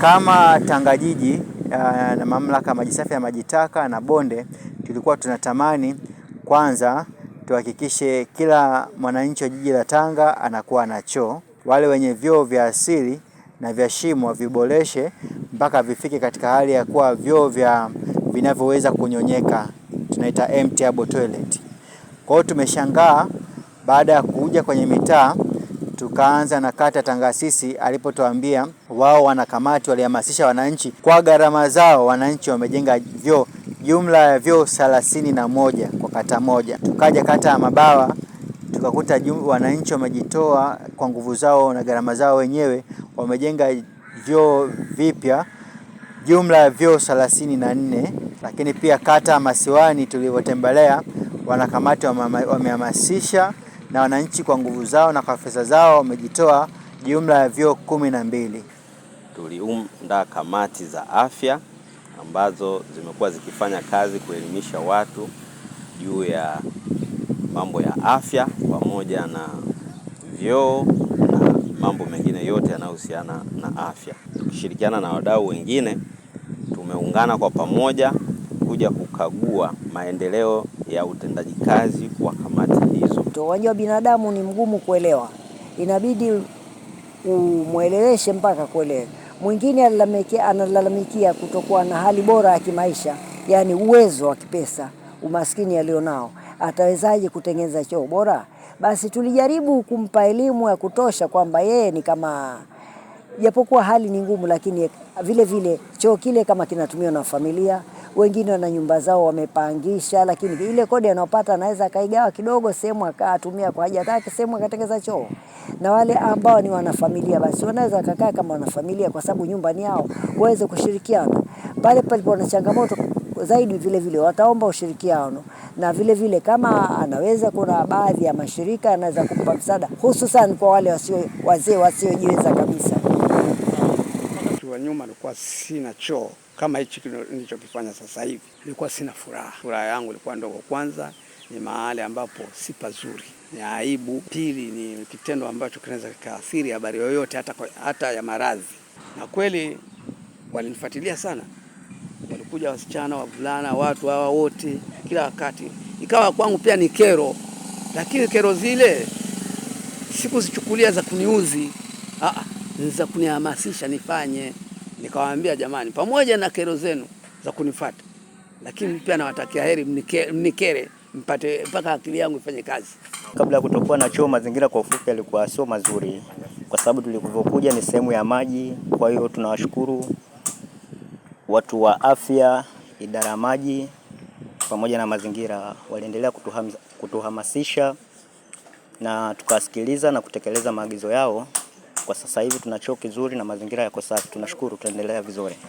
Kama Tanga Jiji eh, na Mamlaka Maji Safi na Maji Taka na Bonde, tulikuwa tunatamani kwanza tuhakikishe kila mwananchi wa jiji la Tanga anakuwa na choo. Wale wenye vyoo vya asili na vya shimo viboreshe mpaka vifike katika hali ya kuwa vyoo vya vinavyoweza kunyonyeka, tunaita empty toilet. Kwa hiyo tumeshangaa baada ya kuja kwenye mitaa tukaanza na kata Tangasisi alipotuambia wao wanakamati walihamasisha wananchi kwa gharama zao, wananchi wamejenga vyoo jumla ya vyoo thelathini na moja kwa kata moja. Tukaja kata ya Mabawa tukakuta wananchi wamejitoa kwa nguvu zao na gharama zao wenyewe, wamejenga vyoo vipya jumla ya vyoo thelathini na nne. Lakini pia kata ya Masiwani tulivyotembelea, wanakamati wamehamasisha na wananchi kwa nguvu zao na kwa pesa zao wamejitoa jumla ya vyoo kumi na mbili. Tuliunda kamati za afya ambazo zimekuwa zikifanya kazi kuelimisha watu juu ya mambo ya afya pamoja na vyoo na mambo mengine yote yanayohusiana na afya. Tukishirikiana na wadau wengine, tumeungana kwa pamoja kuja kukagua maendeleo ya utendaji kazi wa kamati hizo. wa binadamu ni mgumu kuelewa, inabidi umweleweshe mpaka kuelewe. Mwingine analalamikia kutokuwa na hali bora ya kimaisha, yaani uwezo wa kipesa, umaskini alionao, atawezaje kutengeneza choo bora? Basi tulijaribu kumpa elimu ya kutosha kwamba yeye ni kama japokuwa hali ni ngumu, lakini vile vile choo kile kama kinatumiwa na familia wengine wana nyumba zao wamepangisha, lakini ile kodi anayopata anaweza akaigawa kidogo, sehemu akatumia kwa haja zake, sehemu akatengeza choo. Na wale ambao ni wanafamilia, basi wanaweza akakaa kama wanafamilia, kwa sababu nyumba ni yao, waweze kushirikiana. Pale palipo na changamoto zaidi vile vile wataomba ushirikiano na vile vile, kama anaweza, kuna baadhi ya mashirika anaweza kumpa msaada, hususan kwa wale wasio wazee wasiojiweza kabisa wa nyuma nilikuwa sina choo kama hichi nilichokifanya sasa hivi. Nilikuwa sina furaha, furaha yangu ilikuwa ndogo. Kwanza ni mahali ambapo si pazuri, ni aibu. Pili ni kitendo ambacho kinaweza kikaathiri habari yoyote, hata, hata ya maradhi. Na kweli walinifuatilia sana, walikuja wasichana, wavulana, watu hawa wote, kila wakati ikawa kwangu pia ni kero, lakini kero zile sikuzichukulia za kuniuzi. Ah, ah za kunihamasisha nifanye. Nikawaambia jamani, pamoja na kero zenu za kunifata, lakini pia nawatakia heri, mnikere mpate mpaka akili yangu ifanye kazi. Kabla ya kutokuwa na choo, mazingira kwa ufupi yalikuwa sio mazuri, kwa sababu tulivyokuja ni sehemu ya maji. Kwa hiyo tunawashukuru watu wa afya, idara ya maji pamoja na mazingira, waliendelea kutuhamasisha na tukasikiliza na kutekeleza maagizo yao. Kwa sasa hivi tuna choo kizuri na mazingira yako safi, tunashukuru, tunaendelea vizuri.